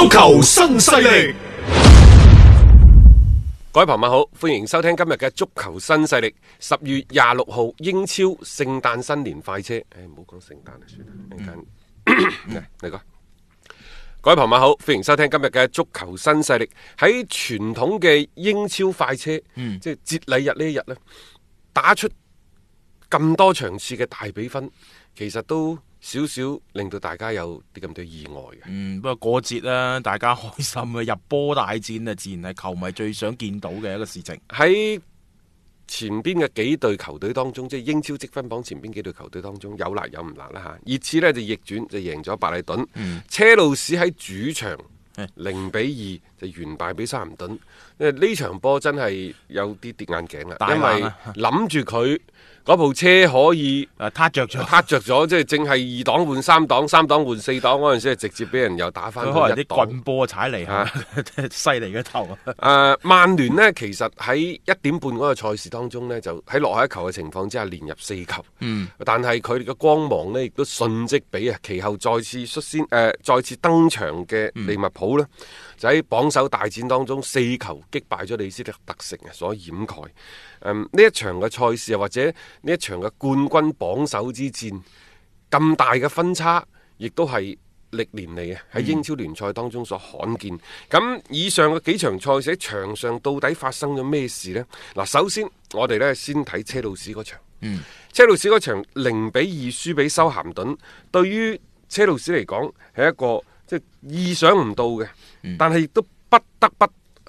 足球新勢力，各位朋友好，歡迎收聽今日嘅足球新勢力。十二月廿六號英超聖誕新年快車，誒,唔好講聖誕啦，算啦。一陣，嚟講，各位朋友好，歡迎收聽今日嘅足球新勢力。喺傳統嘅英超快車，即係、嗯、節禮日呢一日呢，打出咁多場次嘅大比分，其實都。少少令到大家有啲咁多意外嘅，嗯，不過過節啦，大家開心啊，入波大戰啊，自然係球迷最想見到嘅一個事情。喺前邊嘅幾隊球隊當中，即係英超積分榜前邊幾隊球隊當中，有辣有唔辣啦吓。熱刺呢就逆轉就贏咗白禮頓，嗯、車路士喺主場。零比二就完敗俾沙雲頓，因為呢場波真係有啲跌眼鏡啦，啊、因為諗住佢嗰部車可以誒撻著咗，撻、呃、着咗，着即係正係二檔換三檔、 三檔換四檔嗰陣時，係直接俾人又打翻佢一檔啲棍波踩嚟嚇，犀利嘅頭。誒、 呃，曼聯呢，其實喺一點半嗰個賽事當中呢，就喺落下一球嘅情況之下，連入四球。嗯、但係佢哋嘅光芒呢，亦都瞬即俾啊，其後再次率先誒、呃、再次登場嘅利物浦、嗯。嗯。好啦，就喺榜首大戰當中，四球擊敗咗李斯特特城啊，所掩蓋。嗯，呢一場嘅賽事啊，或者呢一場嘅冠軍榜首之戰，咁大嘅分差，亦都係歷年嚟嘅喺英超聯賽當中所罕見。咁、嗯、以上嘅幾場賽事喺場上到底發生咗咩事呢？嗱，首先我哋咧先睇車路士嗰場，嗯，車路士嗰場零比二輸俾修咸頓，對於車路士嚟講係一個。即係意想唔到嘅，但係亦都不得不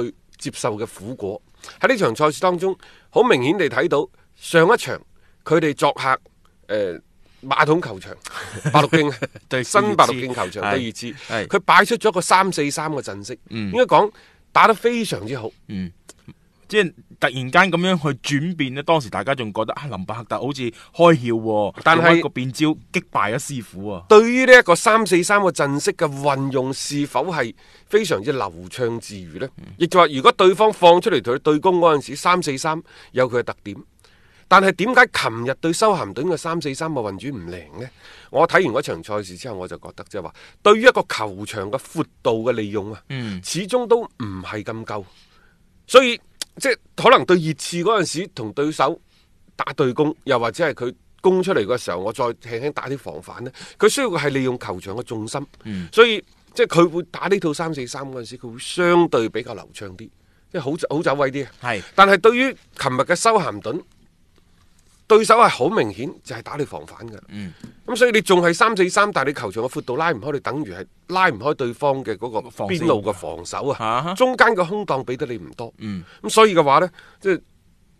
去接受嘅苦果。喺呢場賽事當中，好明顯地睇到上一場佢哋作客誒、呃、馬桶球場，白鹿徑新白鹿徑球場第二次，佢擺出咗一個三四三嘅陣式，嗯、應該講打得非常之好。嗯即係突然間咁樣去轉變咧，當時大家仲覺得啊，林柏特好似開竅、喔，但係一是個變招擊敗咗師傅啊、喔。對於呢一個三四三個陣式嘅運用，是否係非常之流暢自如呢？亦、嗯、就話，如果對方放出嚟同佢對攻嗰陣時，三四三有佢嘅特點，但係點解琴日對修咸頓嘅三四三嘅運轉唔靈呢？我睇完嗰場賽事之後，我就覺得即係話，對於一個球場嘅闊度嘅利用啊，嗯、始終都唔係咁夠，所以。即係可能對熱刺嗰陣時同對手打對攻，又或者係佢攻出嚟嘅時候，我再輕輕打啲防範呢，佢需要係利用球場嘅重心，嗯、所以即係佢會打呢套三四三嗰陣時，佢會相對比較流暢啲，即係好走好走位啲係，是但係對於琴日嘅修咸頓。對手係好明顯，就係、是、打你防反嘅。嗯，咁、嗯、所以你仲係三四三，但係你球場嘅闊度拉唔開，你等於係拉唔開對方嘅嗰個邊路嘅防守啊，守啊中間嘅空檔俾得你唔多。嗯，咁、嗯、所以嘅話呢。即係。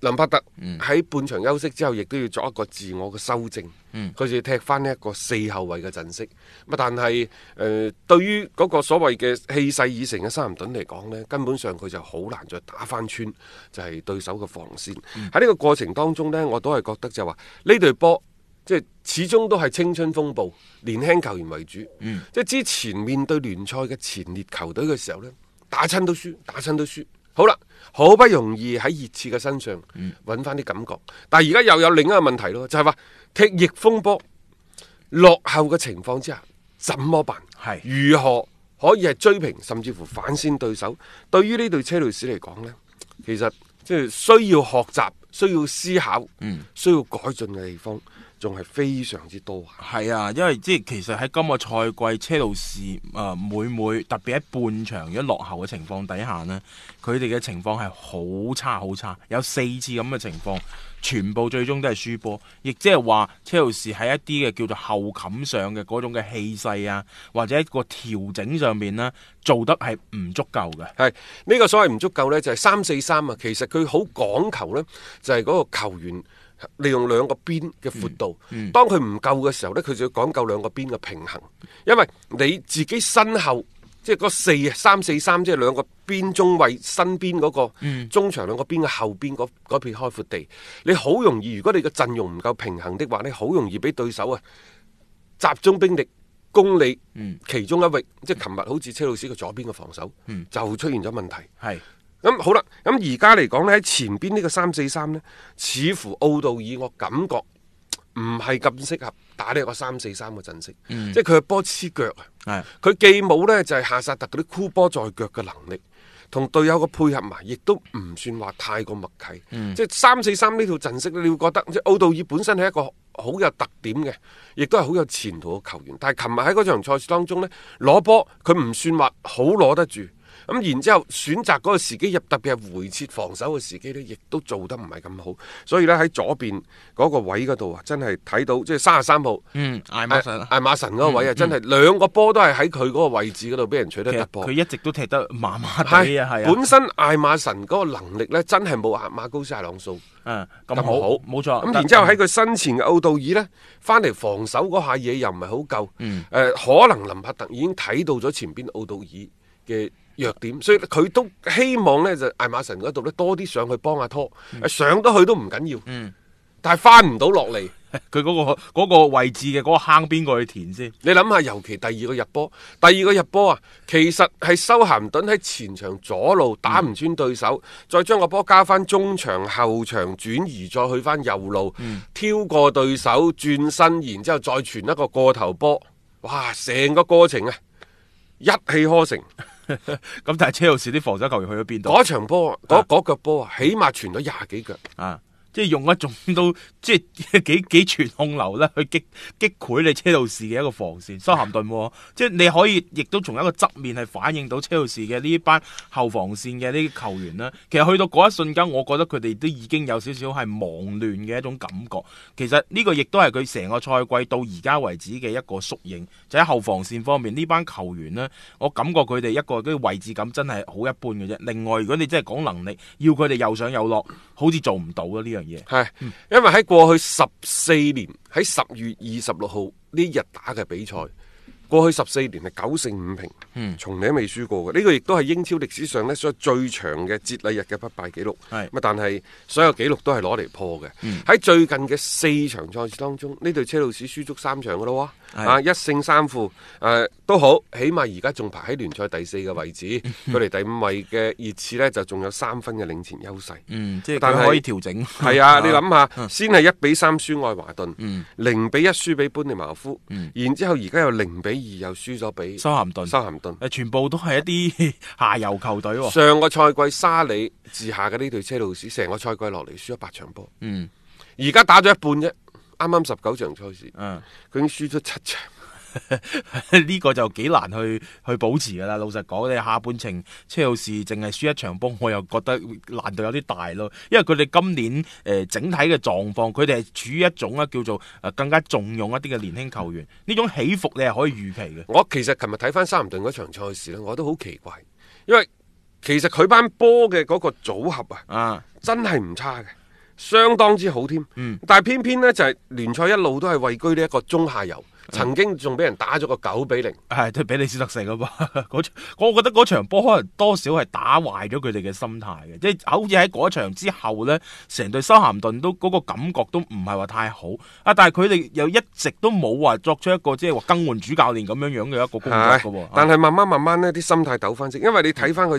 林柏特喺半場休息之後，亦都要作一個自我嘅修正，佢、嗯、就踢翻呢一個四後衛嘅陣式。咁但係誒、呃，對於嗰個所謂嘅氣勢已成嘅三連頓嚟講呢，根本上佢就好難再打翻穿，就係對手嘅防線。喺呢、嗯、個過程當中呢，我都係覺得就話呢隊波，即係始終都係青春風暴、年輕球員為主。嗯、即係之前面對聯賽嘅前列球隊嘅時候呢，打親都輸，打親都輸。好啦，好不容易喺熱刺嘅身上揾翻啲感覺，嗯、但係而家又有另一個問題咯，就係話踢逆風波落後嘅情況之下，怎麼辦？係是 如何可以係追平，甚至乎反先對手？嗯、對於呢隊車路士嚟講呢，其實即係需要學習、需要思考、需要改進嘅地方。仲係非常之多啊！係啊，因為即係其實喺今個賽季，車路士啊、呃、每每特別喺半場一落後嘅情況底下呢，佢哋嘅情況係好差好差，有四次咁嘅情況，全部最終都係輸波，亦即係話車路士喺一啲嘅叫做後冚上嘅嗰種嘅氣勢啊，或者一個調整上面呢，做得係唔足夠嘅。係呢、呢個所謂唔足夠呢，就係、係、三四三啊，其實佢好講求呢，就係、係、嗰個球員。利用兩個邊嘅闊度，嗯嗯、當佢唔夠嘅時候呢，佢就要講究兩個邊嘅平衡。因為你自己身後，即係嗰四三四三，即、就、係、是、兩個邊中位，身邊嗰、那個、嗯、中場兩個邊嘅後邊嗰片開闊地，你好容易。如果你嘅陣容唔夠平衡的話咧，好容易俾對手啊集中兵力攻你。其中一位，即係琴日好似車路士嘅左邊嘅防守，嗯、就出現咗問題。咁好啦，咁而家嚟講呢，喺前邊呢個三四三呢，似乎奧杜爾我感覺唔係咁適合打呢個三四三個陣式，嗯、即係佢嘅波黐腳啊，佢是的 既冇呢就係夏薩特嗰啲箍波在腳嘅能力，同隊友嘅配合埋亦都唔算話太過默契，嗯、即係三四三呢套陣式，你會覺得即係奧杜爾本身係一個好有特點嘅，亦都係好有前途嘅球員，但係琴日喺嗰場賽事當中呢，攞波佢唔算話好攞得住。咁然之後選擇嗰個時機入，特別係回撤防守嘅時機呢，亦都做得唔係咁好。所以呢，喺左邊嗰個位嗰度啊，真係睇到即係三十三號。嗯，艾馬艾馬神嗰個位啊，真係兩個波都係喺佢嗰個位置嗰度俾人取得突破。佢一直都踢得麻麻，本身艾馬神嗰個能力呢，真係冇阿馬高斯阿朗素咁好，冇錯。咁然之後喺佢身前嘅奧道爾呢，翻嚟防守嗰下嘢又唔係好夠。嗯。可能林柏特已經睇到咗前邊奧道爾嘅。弱點，所以佢都希望呢，就艾馬臣嗰度呢，多啲上去幫下、啊、拖、嗯、上得去都唔緊要，嗯、但係翻唔到落嚟，佢嗰、嗰個、嗰個位置嘅嗰個坑邊個去填先？你諗下，尤其第二個入波，第二個入波啊，其實係修咸頓喺前場左路、嗯、打唔穿對手，再將個波加翻中場後場轉移，再去翻右路，嗯、挑過對手轉身，然之後再傳一個過頭波，哇！成個過程啊，一氣呵成。咁 但係車路士啲防守球員去咗邊度？嗰場波，嗰嗰腳波啊，起碼傳咗廿幾腳啊！即係用一種都即係幾幾傳控流咧去擊擊潰你車路士嘅一個防線。修咸頓，即係你可以亦都從一個側面係反映到車路士嘅呢班後防線嘅呢啲球員啦。其實去到一瞬間，我覺得佢哋都已經有少少係忙亂嘅一種感覺。其實呢個亦都係佢成個賽季到而家為止嘅一個縮影，就喺後防線方面呢班球員咧，我感覺佢哋一個啲位置感真係好一般嘅啫。另外，如果你真係講能力，要佢哋又上又落，好似做唔到啊呢樣。係，因為喺過去十四年喺十月二十六號呢日打嘅比賽，過去十四年係九勝五平，從嚟未輸過嘅。呢、這個亦都係英超歷史上咧所謂最長嘅節禮日嘅不敗紀錄。咁是但係所有紀錄都係攞嚟破嘅。喺、嗯、最近嘅四場賽事當中，呢隊車路士輸足三場噶啦。啊！一勝三負，誒、呃、都好，起碼而家仲排喺聯賽第四嘅位置，佢哋 第五位嘅熱刺呢，就仲有三分嘅領前優勢。嗯，即係但係是可以調整。係啊， 你諗下，先係一比三輸愛華頓，零、嗯、比一輸俾班尼茅夫，嗯、然之後而家又零比二又輸咗俾修咸頓，修咸頓。全部都係一啲下游球隊喎、啊。上個賽季沙里治下嘅呢隊車路士，成個賽季落嚟輸咗八場波。嗯，而家打咗一半啫。啱啱十九場賽事，佢、啊、已經輸咗七場，呢 個就幾難去去保持噶啦。老實講，你下半程車路士淨係輸一場波，我又覺得難度有啲大咯。因為佢哋今年誒、呃、整體嘅狀況，佢哋係處於一種啊叫做誒更加重用一啲嘅年輕球員，呢種起伏你係可以預期嘅。我其實琴日睇翻三唔頓嗰場賽事咧，我都好奇怪，因為其實佢班波嘅嗰個組合啊，真係唔差嘅。相當之好添，嗯，但係偏偏咧就係聯賽一路都係位居呢一個中下游。曾經仲俾人打咗個九比零，係對、哎、比利斯特城啊嘛！ 我覺得嗰場波可能多少係打壞咗佢哋嘅心態嘅，即、就、係、是、好似喺嗰場之後呢，成隊修咸頓都嗰、那個感覺都唔係話太好啊！但係佢哋又一直都冇話作出一個即係話更換主教練咁樣樣嘅一個工作嘅喎。但係慢慢慢慢呢啲心態抖翻先，因為你睇翻佢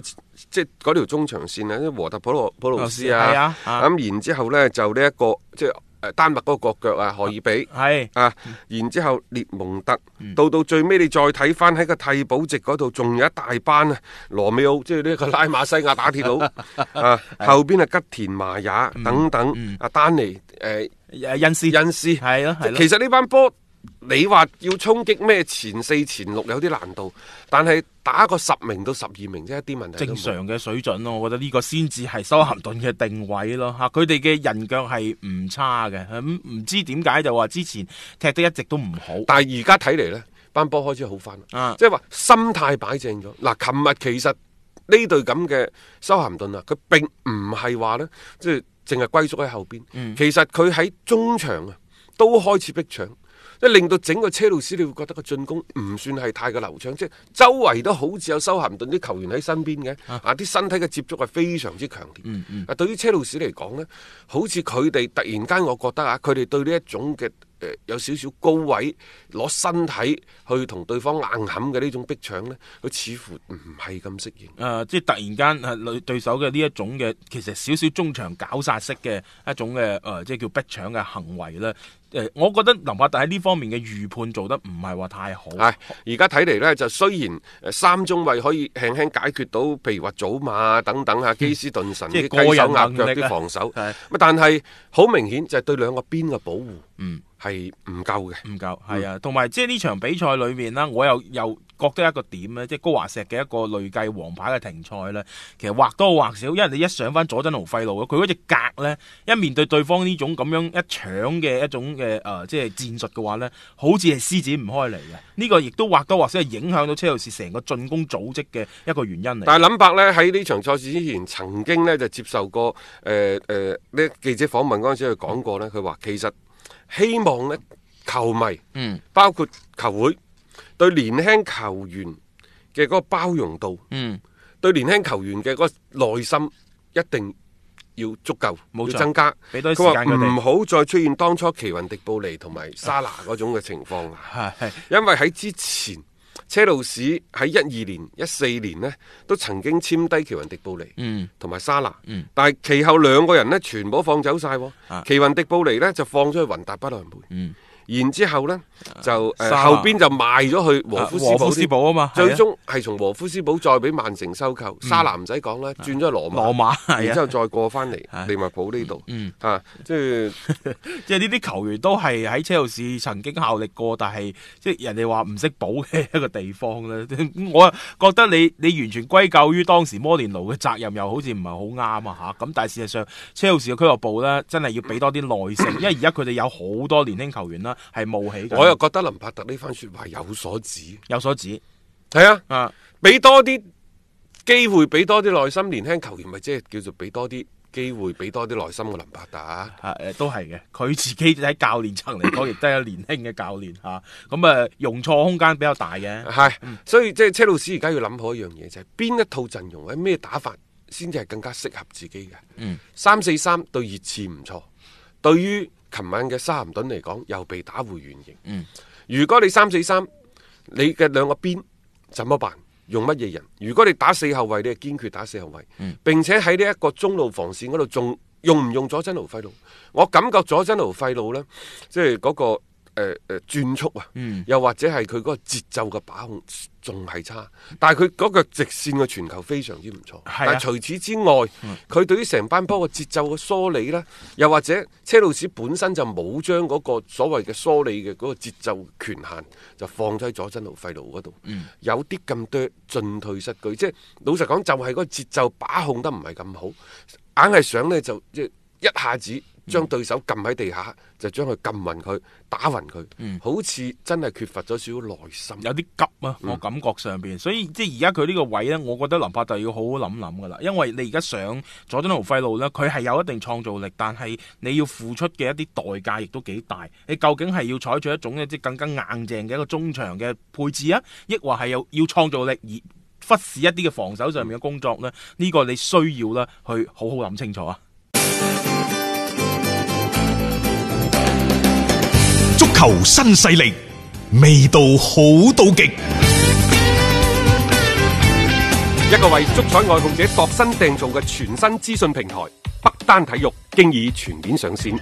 即係嗰條中場線啊，即係和特普羅普魯斯啊，咁、嗯、然之後呢，就呢、這、一個即係。就是誒，丹麥嗰個國腳啊，海爾比係是啊，嗯、然之後列蒙特，到、嗯、到最尾你再睇翻喺個替補席嗰度，仲有一大班啊，羅美奧，即係呢個拉馬西亞打鐵佬 啊，的後邊啊，吉田麻也等等，阿、嗯嗯、丹尼誒，誒恩斯恩斯，係咯係，其實呢班波。你話要衝擊咩前四前六有啲難度，但係打個十名到十二名即係一啲問題。正常嘅水準咯，我覺得呢個先至係修咸頓嘅定位咯吓，佢哋嘅人腳係唔差嘅，咁、嗯、唔知點解就話之前踢得一直都唔好，但係而家睇嚟呢，班波開始好返，即係話心態擺正咗。嗱、啊，琴日其實呢隊咁嘅修咸頓啊，佢並唔係話呢，即係淨係龜縮喺後邊。嗯、其實佢喺中場啊，都開始逼搶。即令到整個車路士，你會覺得個進攻唔算係太過流暢，即係周圍都好似有修咸頓啲球員喺身邊嘅，啊，啲身體嘅接觸係非常之強烈。啊，嗯，嗯，對於車路士嚟講呢，好似佢哋突然間，我覺得啊，佢哋對呢一種嘅。誒有少少高位攞身體去同對方硬冚嘅呢種逼搶呢，佢似乎唔係咁適應。誒、呃，即係突然間誒對手嘅呢一種嘅，其實少少中場絞殺式嘅一種嘅誒、呃，即係叫逼搶嘅行為呢。誒、呃，我覺得林柏特喺呢方面嘅預判做得唔係話太好。而家睇嚟呢，就雖然三中衞可以輕輕解決到，譬如話祖馬等等嚇基斯頓神啲雞手鴨腳啲防守，但係好明顯就係對兩個邊嘅保護，嗯。係唔夠嘅，唔夠係啊，同埋即係呢場比賽裏面啦，我又又覺得一個點咧，即係高華石嘅一個累計黃牌嘅停賽咧，其實或多或少，因為你一上翻佐真奴費路佢嗰隻格咧，一面對對方呢種咁樣一搶嘅一種嘅誒、呃，即係戰術嘅話咧，好似係施展唔開嚟嘅。呢、這個亦都或多或少係影響到車路士成個進攻組織嘅一個原因嚟。但係林柏咧喺呢場賽事之前，曾經咧就接受過誒誒呢記者訪問嗰陣時，佢講過咧，佢話其實。希望咧，球迷，嗯，包括球會，對年輕球員嘅個包容度，嗯，對年輕球員嘅個耐心，一定要足夠，冇錯要增加，俾多時間唔說們好再出現當初奇雲迪布尼同埋沙拿嗰種嘅情況 因為喺之前。車路士喺一二年、一四年咧，都曾經簽低奇雲迪布尼，同埋沙拿，嗯、但係其後兩個人咧，全部放走晒。啊、奇雲迪布尼咧就放咗去雲達不來梅。嗯然之後咧，就、啊、後邊就賣咗去和夫斯堡啊斯堡嘛，最終係從和夫斯堡再俾曼城收購，嗯、沙拿唔使講啦，轉咗馬羅馬，羅馬然之後再過翻嚟利物浦呢度。嗯，啊，即係即係呢啲球員都係喺車路士曾經效力過，但係即係人哋話唔識補嘅一個地方咧。 我覺得你你完全歸咎於當時摩連奴嘅責任，又好似唔係好啱啊吓，咁、啊、但係事實上，車路士嘅俱樂部咧，真係要俾多啲耐性， 因為而家佢哋有好多年輕球員啦。係冒起，我又覺得林伯特呢番說話有所指，有所指，係啊，啊，俾多啲機會，俾多啲耐心，年輕球員咪即係叫做俾多啲機會，俾多啲耐心嘅林伯達、啊啊， 啊，誒，都係嘅，佢自己喺教練層嚟講，亦都係年輕嘅教練吓，咁啊，容錯空間比較大嘅，係是，嗯、所以即係車路士而家要諗好一樣嘢就係、是、邊一套陣容喺咩打法先至係更加適合自己嘅，嗯、三四三對熱刺唔錯，對於。琴晚嘅修咸頓嚟講，又被打回原形。嗯，如果你三四三，你嘅兩個邊怎麼辦？用乜嘢人？如果你打四後衛，你係堅決打四後衛，嗯、並且喺呢一個中路防線嗰度，仲用唔用佐真奴費魯？我感覺佐真奴費魯呢，即係嗰個。誒誒、呃呃，轉速啊，嗯、又或者係佢嗰個節奏嘅把控仲係差，但係佢嗰個直線嘅傳球非常之唔錯。啊、但係除此之外，佢、嗯、對於成班波嘅節奏嘅梳理呢、啊，又或者車路士本身就冇將嗰個所謂嘅梳理嘅嗰個節奏權限就放咗喺佐真路費路嗰度，嗯、有啲咁多進退失據。即係老實講，就係嗰個節奏把控得唔係咁好，硬係想呢，就即一下子。將對手撳喺地下，就將佢撳暈佢，打暈佢，好似真係缺乏咗少少耐心，有啲急啊！我感覺上邊，嗯、所以即係而家佢呢個位呢，我覺得林柏特要好好諗諗噶啦。因為你而家上佐敦豪費路呢，佢係有一定創造力，但係你要付出嘅一啲代價亦都幾大。你究竟係要採取一種即更加硬淨嘅一個中場嘅配置啊，抑或係又要創造力而忽視一啲嘅防守上面嘅工作呢？呢、呢個你需要啦，去好好諗清楚啊！足球新勢力，味道好到極。一個為足彩愛好者度身訂造嘅全新資訊平台，北單體育，經已全面上線。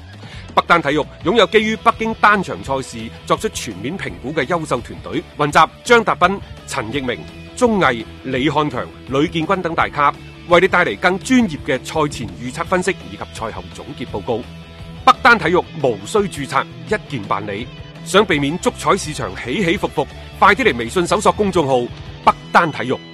北單體育擁有基於北京單場賽事作出全面評估嘅優秀團隊，雲集張達斌、陳奕明、鍾毅、李漢強、呂建軍等大咖，為你帶嚟更專業嘅賽前預測分析以及賽後總結報告。北單體育無需注冊，一鍵辦理。想避免足彩市場起起伏伏，快啲嚟微信搜索公眾號北單體育。